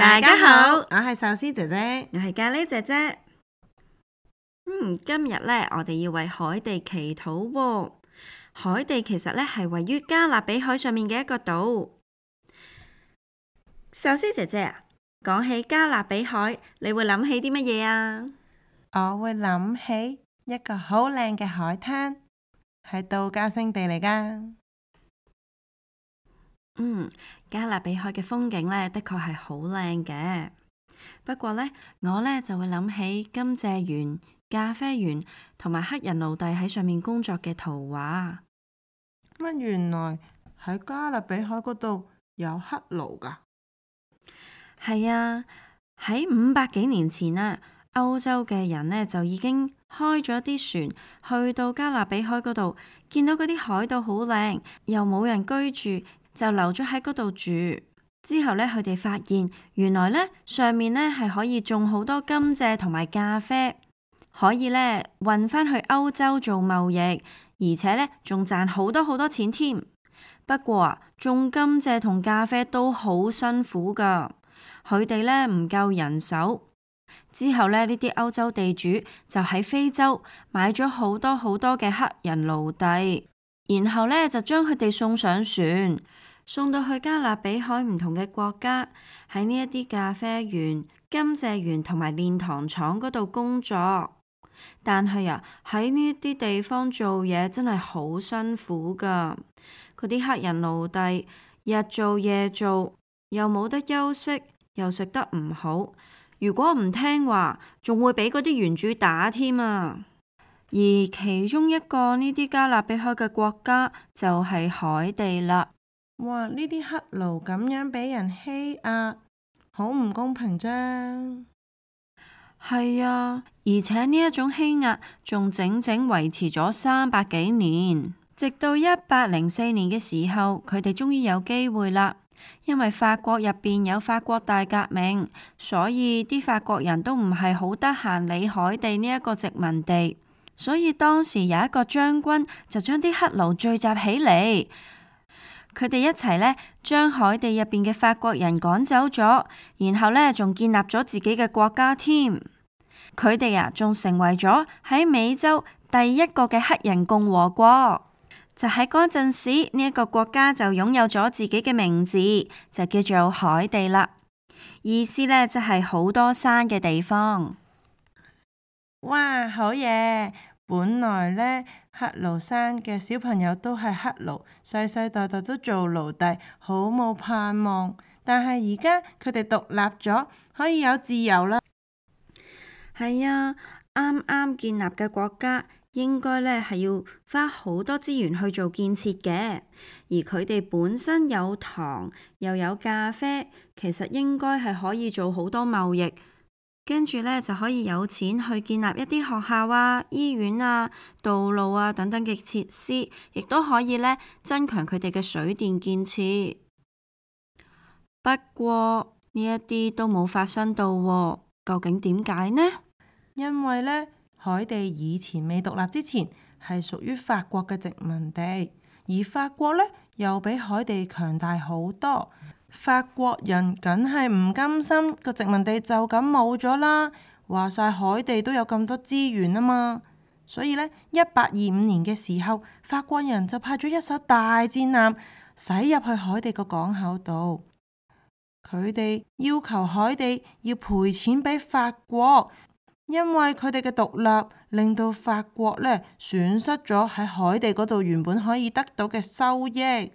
大家好，我係壽司姐姐，我係咖喱姐姐。嗯，今日呢，我哋要為海地祈禱哦。海地其實呢，係位於加勒比海上面嘅一個島。壽司姐姐啊，講起加勒比海，你會諗起啲乜嘢啊？我會諗起一個好靚嘅海灘，係度假勝地嚟噶。嗯，加勒比海嘅風景呢，的確係好靚嘅。不過呢，我呢就會諗起甘蔗園、咖啡園同埋黑人奴隸喺上面工作嘅圖畫。乜原來喺加勒比海嗰度有黑奴噶？係啊，喺五百幾年前啊，歐洲嘅人呢，就已經開咗啲船去到加勒比海嗰度，見到嗰啲海島好靚，又冇人居住。就留咗喺嗰度住。之後咧，佢哋發現原來咧上面咧係可以種好多甘蔗同埋咖啡，可以咧運翻去歐洲做貿易，而且咧仲賺好多好多錢添。不過種甘蔗同咖啡都好辛苦噶，佢哋咧唔夠人手。之後咧，呢啲歐洲地主就喺非洲買咗好多好多嘅黑人奴隸，然後咧就將佢哋送上船。送到去加勒比海唔同嘅國家，喺呢一啲咖啡園、甘蔗園同埋煉糖廠嗰度工作，但係啊，喺呢啲地方做嘢真係好辛苦噶。嗰啲黑人奴隸日做夜做，又冇得休息，又食得唔好。如果唔聽話，仲會俾嗰啲原主打添啊。而其中一個呢啲加勒比海嘅國家就係海地啦。哇！呢啲黑奴咁樣俾人欺壓，好唔公平啫。係啊，而且呢一種欺壓仲整整維持咗三百幾年，直到一八零四年嘅時候，佢哋終於有機會啦。因為法國入邊有法國大革命，所以啲法國人都唔係好得閒理海地呢一個殖民地，所以當時有一個將軍就將啲黑奴聚集起嚟。佢哋一齊咧，將海地入邊嘅法國人趕走咗，然後咧仲建立咗自己嘅國家添。佢哋啊，仲成為咗喺美洲第一個嘅黑人共和國。就喺嗰陣時，呢一個國家就擁有咗自己嘅名字，就叫做海地啦。意思呢，就係好多山嘅地方。哇，好嘢！本來呢，黑奴生嘅小朋友都係黑奴，世世代代都做奴隸，好冇盼望。但係而家佢哋獨立咗，可以有自由啦。係啊，啱啱建立嘅國家，應該咧係要花好多資源去做建設嘅。而佢哋本身有糖又有咖啡，其實應該係可以做好多貿易。跟住呢，就可以有錢去建立一啲學校啊、醫院啊、道路啊等等嘅設施，亦都可以呢增強佢哋嘅水電建設。不過呢，一啲都冇發生到喎，究竟點解呢？因為呢，海地以前未獨立之前係屬於法國嘅殖民地，而法國呢又比海地強大好多。法國人梗係唔甘心，個殖民地就咁冇咗啦。話晒海地都有咁多資源啊嘛，所以呢，一八二五年嘅時候，法國人就派咗一艘大戰艦，駛入去海地個港口度。佢哋要求海地要賠錢俾法國，因為佢哋嘅獨立令到法國呢損失咗喺海地嗰度原本可以得到嘅收益。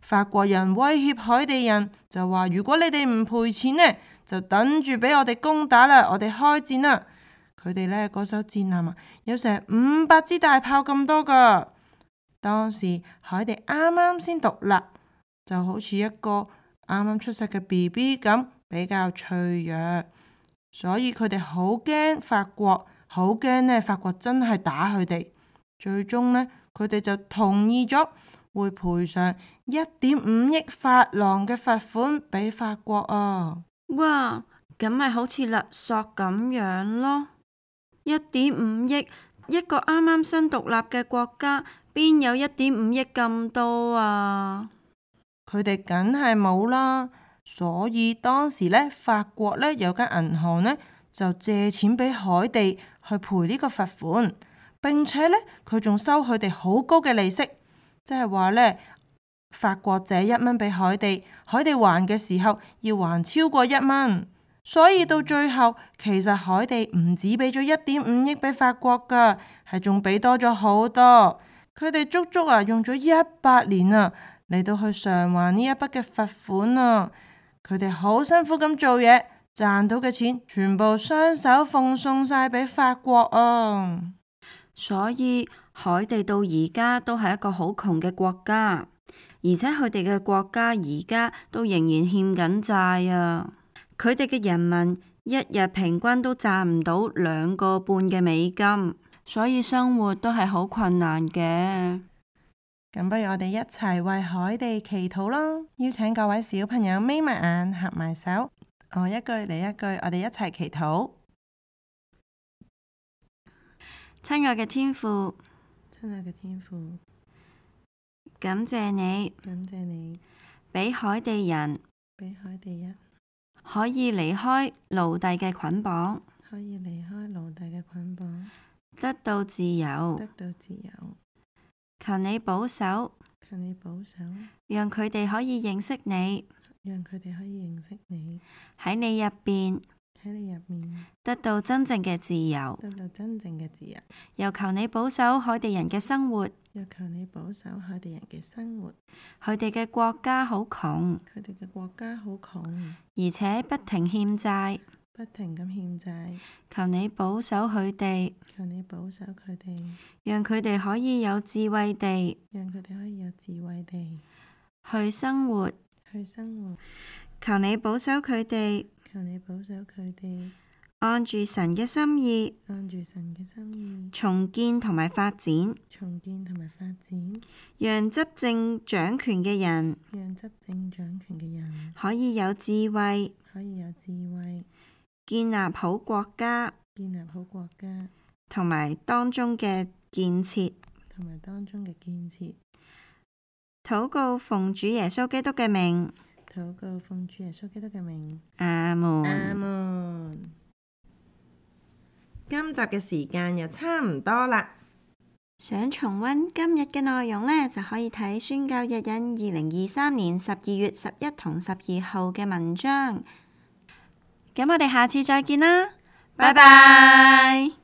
法國人威脅海地人，就話如果你哋唔賠錢呢，就等住俾我哋攻打啦，我哋開戰啦。佢哋呢嗰艘戰艦啊，有成五百支大炮咁多㗎。當時海地啱啱先獨立，就好似一個啱啱出世嘅 BB 咁，比較脆弱，所以佢哋好驚法國，好驚呢法國真係打佢哋。最終呢，佢哋就同意咗會賠償。一點五億法郎嘅罰款俾法國啊！哇，咁咪好似勒索咁樣咯？一點五億，一個啱啱新獨立嘅國家邊有一點五億咁多啊？佢哋梗係冇啦，所以當時呢，法國呢有間銀行呢，就借錢俾海地去賠呢個罰款，並且呢，佢仲收佢哋好高嘅利息，即係話呢。法國借一蚊俾海地，海地還嘅時候要還超過一蚊，所以到最後其實海地唔止俾咗一點五億俾法國噶，係仲俾多咗好多。佢哋足足啊用咗一百年啊嚟到去償還呢一筆嘅罰款啊，佢哋好辛苦咁做嘢，賺到嘅錢全部雙手奉送晒俾法國啊。所以海地到而家都係一個好窮嘅國家。而且佢哋嘅國家而家都仍然欠緊債啊！佢哋嘅人民一日平均都賺唔到兩個半嘅美金，所以生活都係好困難嘅。咁不如我哋一齊為海地祈禱咯！邀請各位小朋友眯埋眼、合埋手，我一句你一句，我哋一齊祈禱。親愛嘅天父，親愛嘅天父。感謝你，感謝你，俾海地人，俾海地人可以離開奴隸嘅捆綁，可以離開奴隸嘅捆綁，得到自由，得到自由，求你保守，求你保守，讓佢哋可以認識你，讓佢哋可以認識你，喺你入面。喺你入面得到真正嘅自由，得到真正嘅自由。又求你保守海地人嘅生活，又求你保守海地人嘅生活。佢哋嘅國家好窮，佢哋嘅國家好窮，而且不停欠債，不停咁欠債。求你保守佢哋，求你保守佢哋，讓佢哋可以有智慧地，讓佢哋可以有智慧地去生活，去生活。求你保守佢哋。求你保守佢哋按住神嘅心意，按住神嘅心意重建同埋發展，重建同埋發展，讓執政掌權嘅人，讓執政掌權嘅人可以有智慧，可以有智慧建立好國家，建立好國家同埋當中嘅建設，同埋當中嘅建設，建設，禱告奉主耶穌基督嘅名。禱告奉主耶穌基督嘅名。阿門。阿門。今集嘅時間又差唔多啦，想重溫今日嘅內容呢，就可以睇宣教日引二零二三年十二月十一同十二號嘅文章。咁我哋下次再見啦，拜拜。